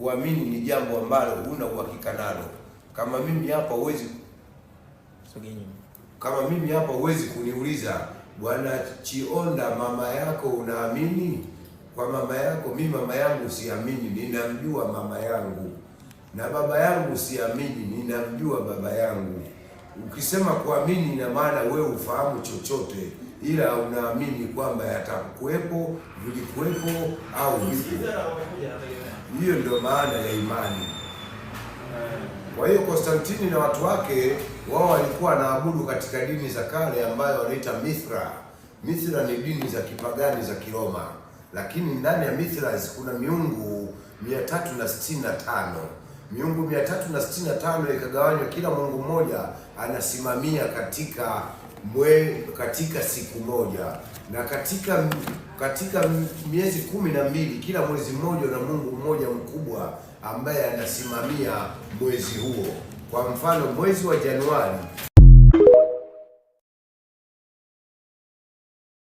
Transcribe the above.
kuamini ni jambo ambalo huna uhakika nalo. Kama mimi hapa huwezi kama mimi hapa huwezi kuniuliza Bwana Chionda, mama yako unaamini? Kwa mama yako mi mama yangu siamini, ninamjua mama yangu, na baba yangu siamini, ninamjua baba yangu. Ukisema kuamini, ina maana wewe ufahamu chochote ila unaamini kwamba yatakuwepo, vilikuwepo au vipo. Hiyo ndio maana ya imani. Eh. Kwa hiyo Konstantini na watu wake wao walikuwa wanaabudu katika dini za kale ambayo wanaita Mithra. Mithra ni dini za kipagani za Kiroma, lakini ndani ya Mithra kuna miungu 365 miungu 365 ikagawanywa, kila mungu mmoja anasimamia katika mwe katika siku moja na katika katika miezi kumi na mbili, kila mwezi mmoja na Mungu mmoja mkubwa ambaye anasimamia mwezi huo. Kwa mfano mwezi wa Januari